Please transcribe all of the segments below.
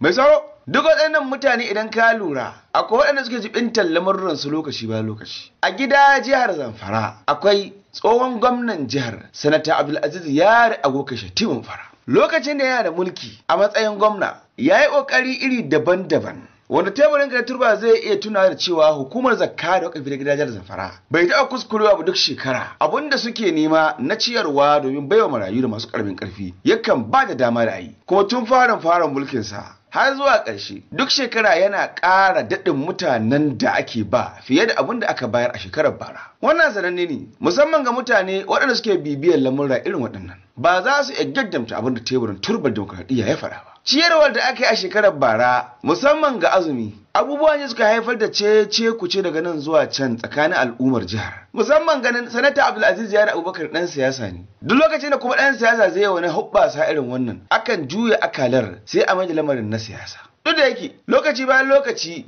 mai tsaro duk waɗannan mutane idan ka lura akwai waɗanda suke jibintar lamurransu lokaci ba lokaci a gida jihar zamfara akwai tsohon gwamnan jihar sanata abdulaziz yari agoka shatimin fara lokacin da yana da mulki a matsayin gwamna ya yi ƙoƙari iri daban-daban wanda teburin ka turba zai iya tuna da cewa hukumar zakka da wakafi da gidajen zamfara bai taɓa kuskurewa ba duk shekara Abun da suke nema na ciyarwa domin baiwa marayu da masu ƙaramin ƙarfi yakan ba da dama da ayi kuma tun farin farin mulkinsa har zuwa ƙarshe duk shekara yana ƙara daɗin mutanen da ake ba fiye da abin da aka bayar a shekarar bara wannan sananne ne musamman ga mutane waɗanda suke bibiyar lamurra irin waɗannan ba za su gaggamta abin da teburin turbar demokradiyya ya faɗa ba ciyarwar da aka yi a shekarar bara musamman ga azumi abubuwan ne suka haifar da ce ku kuce daga nan zuwa can tsakanin al'ummar jihar musamman ganin sanata abdulaziz yari abubakar dan siyasa ne duk lokacin da kuma dan siyasa zai yi wani hubbasa irin wannan akan juya akalar sai a mai lamarin na siyasa duk da yake lokaci bayan lokaci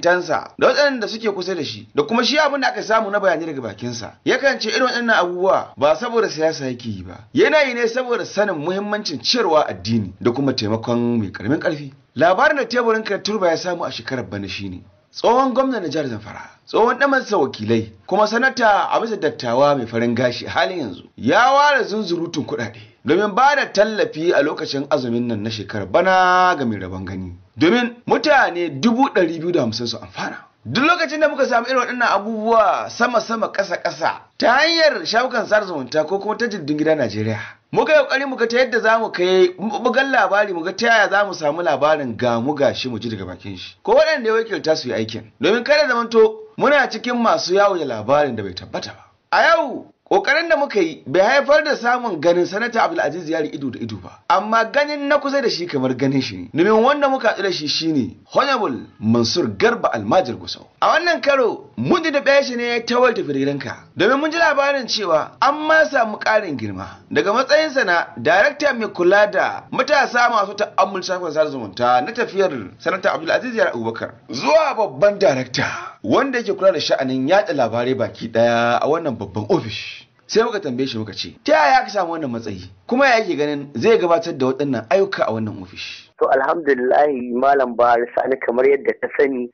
tansa da waɗanda suke kusa da shi da kuma shi abin da aka samu na bayani daga bakin sa, yakan ce irin waɗannan abubuwa ba saboda siyasa yake yi ba yana yi ne saboda sanin muhimmancin ciyarwa addini da kuma taimakon mai karamin karfi labarin da teburin turba ya samu a shekarar bana shine tsohon na jihar zamfara tsohon ɗamansa wakilai kuma sanata a bisa dattawa mai farin gashi halin yanzu ya ware zunzurutun kuɗaɗe domin ba da tallafi a lokacin azumin nan na shekarar bana ga mai rabon gani domin mutane dubu ɗari biyu da hamsin su amfana duk lokacin da muka samu irin waɗannan abubuwa sama-sama ƙasa-ƙasa ta hanyar shafukan sada zumunta ko kuma ta jirgin gida Najeriya. Muka yi mu muka ta yadda za mu kai bugan labari muka ta yaya za mu samu labarin ga mu gashi mu ji daga bakin shi. Ko waɗanda ya wakilta su yi aikin. Domin kada zamanto muna cikin masu yawo da labarin da bai tabbata ba. A yau kokarin da muka yi bai haifar da samun ganin sanata Abdulaziz Yari ido da ido ba, amma ganin na kusa da shi kamar ganin shi ne. Domin wanda muka haɗu da shi ne Honorable Mansur Garba Almajir Gusau. A wannan karo mun da ɓaya shi ne ta walta gidanka Domin mun ji labarin cewa an ma samu ƙarin girma daga matsayinsa na darakta mai kula da matasa masu ta'ammul shafin sada zumunta na tafiyar sanata Abdulaziz Yari Abubakar zuwa babban darakta. wanda yake kula da sha'anin yada labarai baki daya a wannan babban ofis sai muka tambaye shi muka ce ta yaya aka samu wannan matsayi kuma ya yake ganin zai gabatar da waɗannan ayyuka a wannan ofis to alhamdulillahi malam ba sani kamar yadda ka sani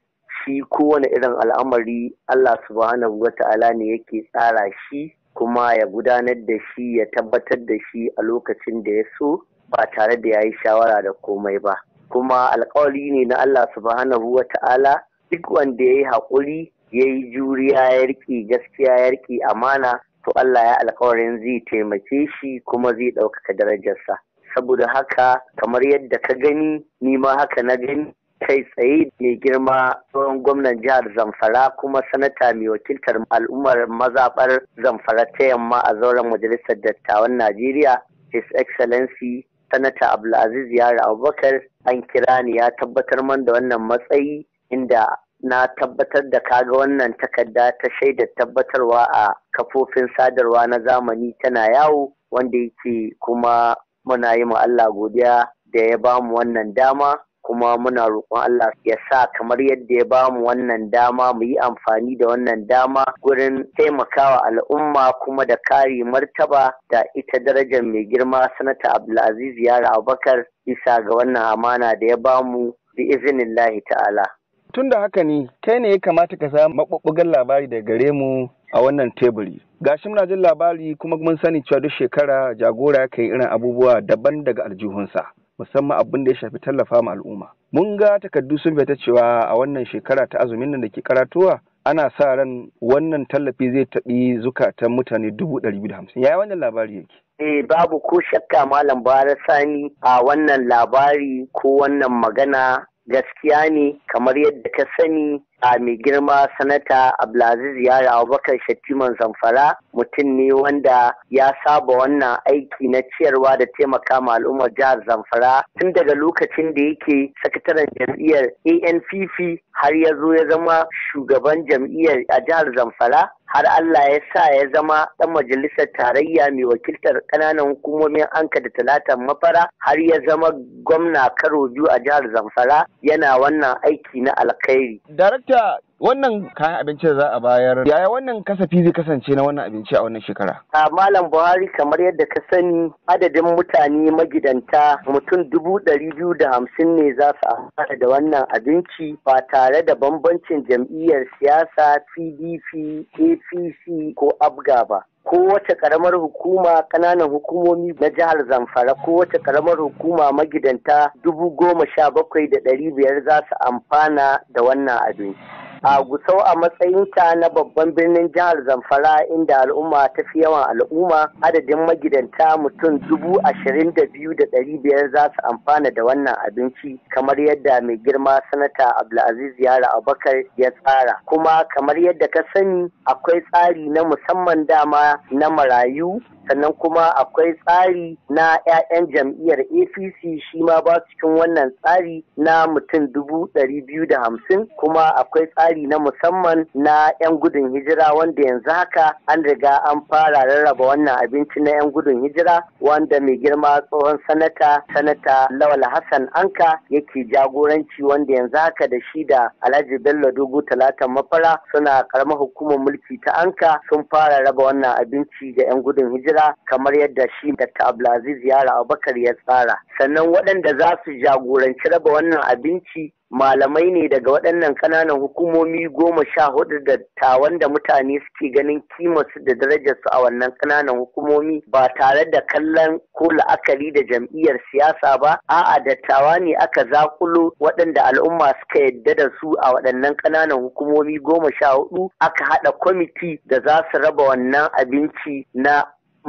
shi kowane irin al'amari Allah subhanahu wa ta'ala ne yake tsara shi kuma ya gudanar da shi ya tabbatar da shi a lokacin da ya so ba tare da ya yi shawara da komai ba kuma alkawari ne na Allah subhanahu wa ta'ala duk wanda ya yi haƙuri ya yi juriya ya riƙe gaskiya ya riƙe amana to Allah ya alkawarin zai taimake shi kuma zai ɗaukaka darajarsa saboda haka kamar yadda ka gani ni ma haka na gani kai tsaye mai girma tsohon gwamnan jihar zamfara kuma sanata mai wakiltar al'ummar mazaɓar zamfara ta yamma a zauren majalisar dattawan najeriya his excellency sanata abdulaziz yara abubakar an kira ni ya tabbatar man da wannan matsayi inda na tabbatar da kaga wannan takarda ta shaida tabbatarwa a kafofin sadarwa na zamani tana yawo wanda yake kuma muna yi Allah godiya da ya ba mu wannan dama kuma muna roƙon Allah ya sa kamar yadda ya ba mu wannan dama mu yi amfani da wannan dama gurin taimakawa al'umma kuma da kare martaba da ita darajar mai girma sanata Abdulaziz Yara Abubakar bisa ga wannan amana da ya ba mu, bi lahi ta'ala. Tun da haka ne, kai ne ya kamata ka samu maɓuɓɓugan labari daga gare mu a wannan teburi. Gashi muna jin labari kuma mun sani cewa duk shekara jagora yi irin abubuwa daban daga aljihunsa, musamman abin da ya shafi tallafa ma al'umma. Mun ga takardu sun fita cewa a wannan shekara ta azumin nan da ke karatuwa? ana sa ran wannan tallafi zai taɓi zukatan mutane dubu ɗari biyu da hamsin. Yaya wannan labari yake? Eh babu ko shakka malam bara sani a wannan labari ko wannan magana gaskiya ne kamar yadda ka sani a mai girma sanata abdulaziz rawa abubakar shattiman zamfara mutum ne wanda ya saba wannan aiki na ciyarwa da taimaka ma al'ummar jihar zamfara tun daga lokacin da yake sakataren jam'iyyar anpp har ya zo ya zama shugaban jam'iyyar a jihar zamfara har Allah ya sa ya zama ɗan majalisar tarayya mai wakiltar ƙananan hukumomin anka da talatan mafara har ya zama gwamna karo biyu a jihar Zamfara yana wannan aiki na alkhairi. TikTok wannan kayan abinci da za a bayar yaya wannan kasafi zai kasance na wannan abinci a wannan shekara a malam buhari kamar yadda ka sani adadin mutane magidanta mutum dubu ɗari biyu da hamsin ne za su amfana da wannan abinci ba tare da bambancin jam'iyyar siyasa pdp apc ko abga ba kowace karamar hukuma kananan hukumomi na jihar zamfara kowace karamar hukuma magidanta dubu goma sha bakwai da ɗari biyar za su amfana da wannan abinci a gusau a matsayinta na babban birnin jihar zamfara inda al'umma ta fi yawan al'umma adadin magidanta mutum dubu ashirin da biyu da ɗari biyar za su amfana da wannan abinci kamar yadda mai girma sanata abdulaziz yara abakar ya tsara kuma kamar yadda ka sani akwai tsari na musamman dama na marayu sannan kuma akwai tsari na 'ya'yan jam'iyyar apc shi ma ba cikin wannan tsari na mutum dubu ɗari biyu da hamsin kuma akwai tsari na musamman na 'yan gudun hijira wanda yanzu haka an riga an fara rarraba wannan abinci na 'yan gudun hijira wanda mai girma tsohon sanata sanata lawal hassan anka yake jagoranci wanda yanzu haka da shi da alhaji bello dogo talatan mafara suna karamar hukumar mulki ta anka sun fara raba wannan abinci ga 'yan gudun hijira gyara kamar yadda shi da Abdulaziz Yara Abubakar ya tsara. Sannan waɗanda za su jagoranci raba wannan abinci malamai ne daga waɗannan ƙananan hukumomi goma sha hudu da tawan da mutane suke ganin kimarsu da darajarsu a wannan ƙananan hukumomi ba tare da kallon ko la'akari da jam'iyyar siyasa ba a'a dattawa ne aka zakulo waɗanda al'umma suka yadda da su a waɗannan ƙananan hukumomi goma sha hudu aka haɗa kwamiti da za su raba wannan abinci na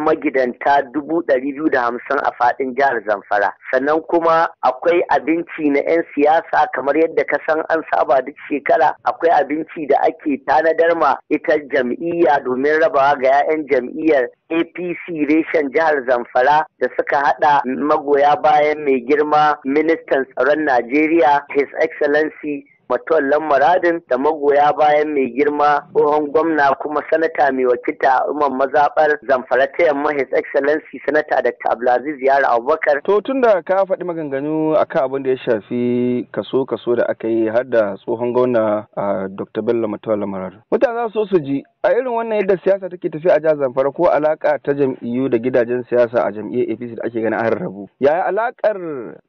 magidanta dubu ɗari biyu da hamsin a faɗin jihar Zamfara. Sannan kuma akwai abinci na 'yan siyasa kamar yadda ka san an saba duk shekara akwai abinci da ake tanadar ma ita jam'iyya domin rabawa ga 'ya'yan jam'iyyar APC reshen jihar Zamfara da suka hada magoya bayan mai girma ministan tsaron Najeriya His Excellency matawallan muradin da magoya bayan mai girma tsohon gwamna kuma sanata mai wakilta umar mazabar zamfara ta yamma his excellency sanata dr abdulaziz yara abubakar to tun da ka faɗi maganganu akan abin da ya shafi kaso kaso da aka yi har da tsohon gwamna ah, dr bello Matuwar muradin mutane za su so su ji a irin wannan yadda siyasa take tafiya a jihar zamfara ko alaka ta jam'iyyu da gidajen siyasa a jam'iyyar apc da ake ganin a rarrabu yaya alakar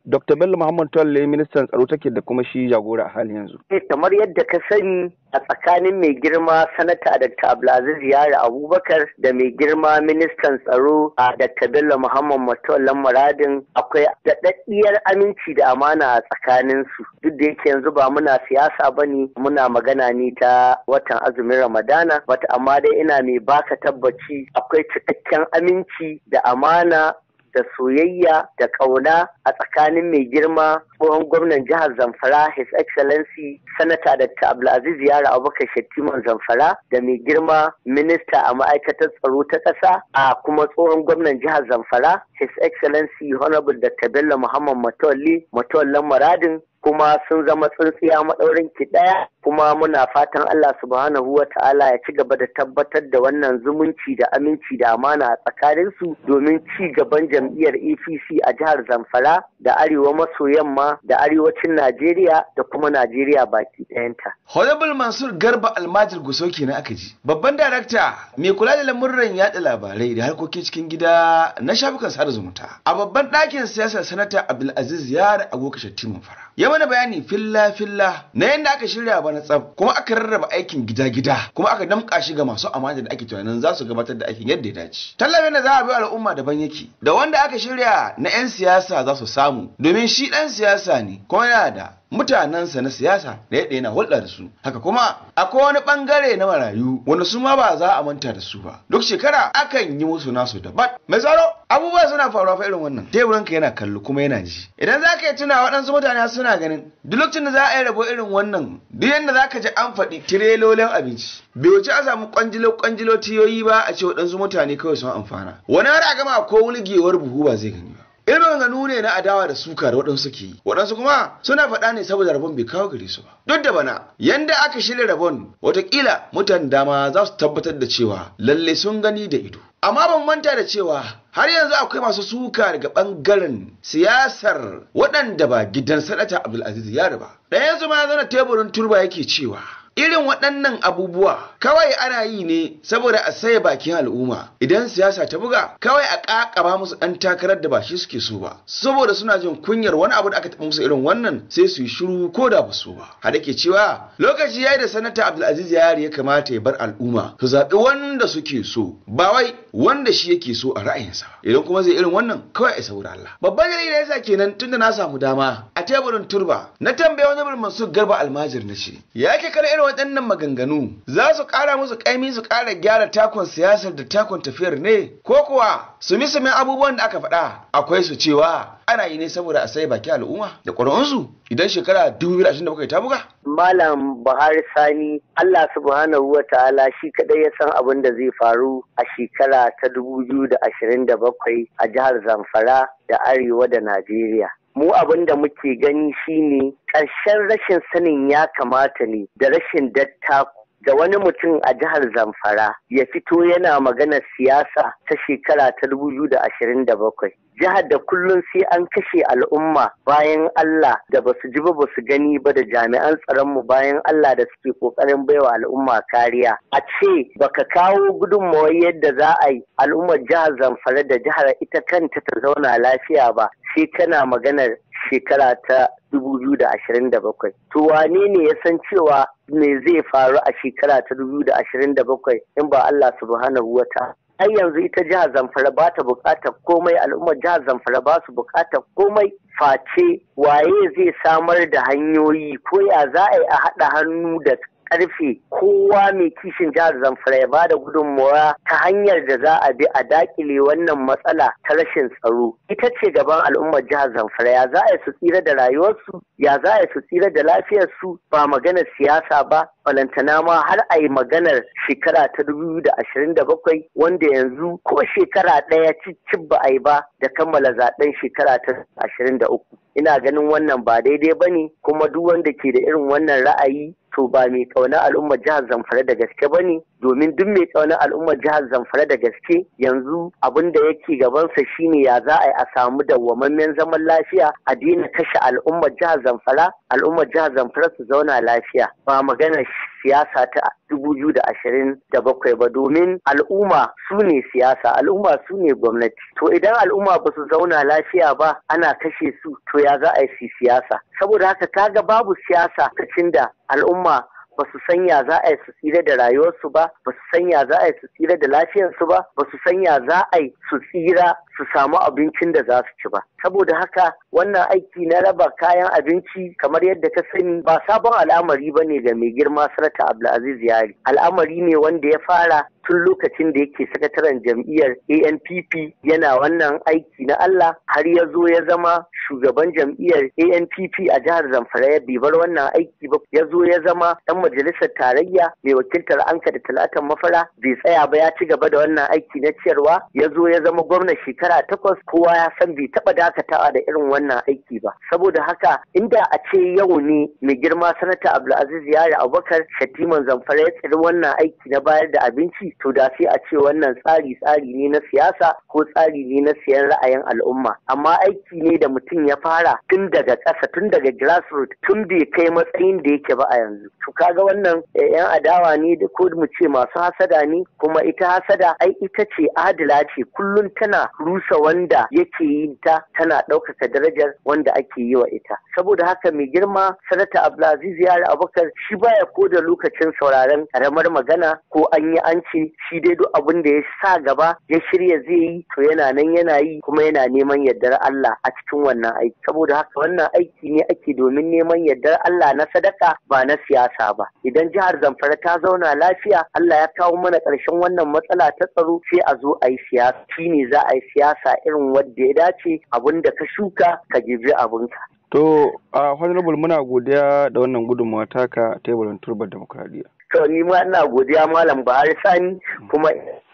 dr bello muhammad tolle ministan tsaro take da kuma shi jagora a halin yanzu eh, kamar yadda ka sani a tsakanin mai girma sanata Dr. Abdulaziz Yari Abubakar da mai girma ministan tsaro a Dr. Bello Muhammad Matawallan Muradin akwai daɗaɗɗiyar aminci da amana a tsakanin su duk da yake yanzu ba muna siyasa ba ne muna magana ne ta watan azumin Ramadana wata amma dai ina mai baka tabbaci akwai cikakken aminci da amana da soyayya da ƙauna a tsakanin mai girma tsohon gwamnan jihar Zamfara His Excellency Sanata Dr. Abdulaziz Yara Abubakar Shettiman Zamfara da mai girma minista a ma'aikatar tsaro ta ƙasa a kuma tsohon gwamnan jihar Zamfara His Excellency Honorable Dr. Bello Muhammad Matolli Matollan Muradin kuma sun zama tsintsiya maɗaurin ki ɗaya kuma muna fatan Allah subhanahu wa ta'ala ya ci gaba da tabbatar da wannan zumunci da aminci da amana a tsakaninsu domin ci gaban jam'iyyar APC a jihar Zamfara da arewa maso yamma da arewacin Najeriya da kuma Najeriya baki ɗayanta. Honorable Mansur Garba Almajir Guso kenan aka ji. Babban darakta mai kula da lamurran yaɗa labarai da harkokin cikin gida na shafukan sada zumunta. A babban ɗakin siyasar sanata Abdulaziz Yara Agoka Fara. Ya mana bayani filla filla na yadda aka shirya bana tsab kuma aka rarraba aikin gida-gida kuma aka damƙa shi ga masu amana da ake tunanin za su gabatar da aikin yadda ya dace tallafin da za a bi al'umma daban yake da wanda aka shirya na 'yan siyasa za su samu domin shi ɗan siyasa ne kuma yana da mutanensa na siyasa da ya daina hulɗa da su haka kuma akwai wani bangare na marayu wanda su ma ba za a manta da su ba duk shekara akan yi musu nasu daban mai tsaro abubuwa suna faruwa fa irin wannan teburinka yana kallo kuma yana ji idan za ka yi tuna waɗansu mutane suna ganin duk lokacin da za a yi rabo irin wannan duk yadda za ka ji an faɗi tirelolin abinci bai wuce a samu kwanjilo kwanjilo tiyoyi ba a ce waɗansu mutane kawai sun amfana wani har a gama ko wulgewar buhu ba zai gani irin ganu ne na adawa da suka da waɗansu ke yi waɗansu kuma suna faɗa ne saboda rabon bai kawo gare su ba duk da bana yanda aka shirya rabon watakila mutan dama za su tabbatar da cewa lalle sun gani da ido amma ban manta da cewa har yanzu akwai masu suka daga bangaren siyasar waɗanda ba gidan sanata abdulaziz yari ba ɗayansu ma ya zana teburin turba yake cewa irin waɗannan abubuwa kawai ana yi ne saboda a saya bakin al'umma idan siyasa ta buga kawai a ƙaƙaba musu ɗan takarar da ba shi suke so ba saboda suna jin kunyar wani abu da aka taɓa musu irin wannan sai su yi shiru ko da ba so ba hada ke cewa lokaci ya yi da sanata abdulaziz yari ya kamata ya bar al'umma su zaɓi wanda suke so ba wai wanda shi yake so a ra'ayinsa idan kuma zai irin wannan kawai a saboda Allah babban jarida yasa kenan tunda na samu dama a teburin turba na tambaye wani Mansur Garba almajir na shi ya ke kare Irin waɗannan maganganu za su ƙara musu ƙaimi su ƙara gyara takon siyasar da takon tafiyar ne, ko kuwa su mai abubuwan da aka faɗa akwai su cewa ana yi ne saboda a sai baki al'umma da ƙwararrunsu idan shekara 2027 ta buga. Malam Buhari Sani Allah subhanahu wa ta'ala shi kaɗai ya san abin da zai faru a shekara ta 2027 a jihar Zamfara da Arewa da Najeriya. mu abin da muke gani shine ƙarshen rashin sanin ya kamata ne da rashin datta da wani mutum a jihar Zamfara ya fito yana magana siyasa ta shekara ta 2027. Jihar da kullum sai an kashe al'umma bayan Allah da basu ji ba basu gani ba da jami'an tsaronmu bayan Allah da suke kokarin baiwa al'umma kariya. A ce baka kawo gudunmawar yadda za a yi al'ummar jihar Zamfara da jihar ita kanta ta zauna lafiya ba sai kana maganar shekara ta 2027 to wane ne ya san cewa me zai faru a shekara ta 2027 in ba Allah subhanahu wa wata. Ai yanzu ita jihar zamfara ba ta bukatar komai al'ummar jihar zamfara ba su bukatar komai face waye zai samar da hanyoyi ko ya za a yi a haɗa hannu da karfe kowa mai kishin jihar zamfara ya bada gudunmawa ta hanyar da za a bi a dakile wannan matsala ta rashin tsaro ita ce gaban al'ummar jihar zamfara ya za a su tsira da rayuwarsu ya za a su tsira da lafiyarsu ba maganar siyasa ba balantana ma har a yi maganar shekara ta da bakwai, wanda yanzu ko shekara ɗaya cicci ba a yi ba da kammala zaɓen shekara ta uku. ina ganin wannan ba daidai ba ne kuma duk wanda ke da irin wannan ra'ayi to ba mai kauna al'ummar jihar zamfara da gaske ba ne domin duk mai tsaunin al'ummar jihar zamfara da gaske yanzu abin da yake gabansa shine ya za a yi a samu dawwamammen zaman lafiya a daina kashe al'ummar jihar zamfara al'ummar jihar zamfara su zauna lafiya ba magana siyasa ta dubu biyu da ashirin da bakwai ba domin al'umma su ne siyasa al'umma su ne gwamnati to idan al'umma ba su zauna lafiya ba ana kashe su to ya za a yi siyasa saboda haka kaga babu siyasa kacin da al'umma ba su san za a yi su tsira da rayuwarsu ba ba su san za a yi su tsira da lafiyarsu ba ba su sanya za a yi su tsira su samu abincin da za su ci ba saboda haka wannan aiki na raba kayan abinci kamar yadda ka sani ba sabon al'amari ba ne ga mai girma sanata abdulaziz yari al'amari ne wanda ya fara tun lokacin da yake sakataren jam'iyyar anpp yana wannan aiki na allah har ya zo ya zama shugaban jam'iyyar anpp a jihar zamfara ya bibar wannan aiki ba ya zo ya zama dan majalisar tarayya mai wakiltar anka da talatan mafara bai tsaya ba ya ci gaba da wannan aiki na ciyarwa ya zo ya zama gwamna shekara takwas kowa ya san bai taba da dakatawa da irin wannan aiki ba saboda haka inda a ce yau ne mai girma sanata abdulaziz yari abubakar shatiman zamfara ya tsiri wannan aiki na bayar da abinci to da sai a ce wannan tsari tsari ne na siyasa ko tsari ne na siyan ra'ayin al'umma amma aiki ne da mutum ya fara tun daga ƙasa tun daga grassroots tun bai kai matsayin da yake ba a yanzu to kaga wannan eh, yan adawa ne da ko mu ce masu hasada ne kuma ita hasada ai ita ce adila ce kullum tana rusa wanda yake yi ta tana ɗaukaka darajar wanda ake yi wa ita saboda haka mai girma sanata abdulaziz yari abubakar shi baya ko da lokacin sauraren karamar magana ko an yi an ce shi dai duk abin da ya sa gaba ya shirya zai yi to yana nan yana yi kuma yana neman yardar Allah a cikin wannan aiki saboda haka wannan aiki ne ake domin neman yardar Allah na sadaka ba na siyasa ba idan jihar Zamfara ta zauna lafiya Allah ya kawo mana ƙarshen wannan matsala ta tsaro sai a zo a yi siyasa Shi ne za a yi siyasa irin wadda ya dace abu abin da ka shuka ka girbi ka. To, a Honorable muna godiya da wannan gudunmawa taka teburin turbar demokradiyya. To, ni ma ina godiya Malam Buhari Sani kuma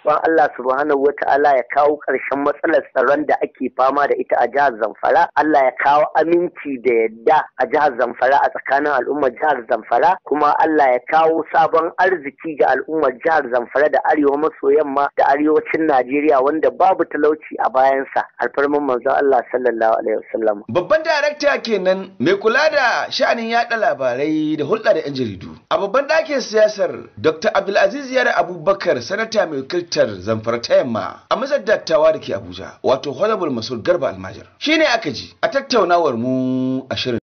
roƙon Allah subhanahu wa ta'ala ya kawo karshen matsalar tsaron da ake fama da ita a jihar Zamfara. Allah ya kawo aminci da yadda a jihar Zamfara a tsakanin al'ummar jihar Zamfara kuma Allah ya kawo sabon arziki ga al'ummar jihar Zamfara da arewa maso yamma da arewacin Najeriya wanda babu talauci a bayansa alfarman manzon Allah sallallahu alaihi wasallam. Babban darakta kenan mai kula da sha'anin yada labarai da hulɗa da 'yan jaridu. A babban ɗakin siyasar Dr. Abdulaziz Yara Abubakar sanata mai wakilta jihar zamfara ta yamma a mazar dattawa da ke abuja wato honorable Mas'ul garba almajir shine aka ji a tattaunawar mu a shirin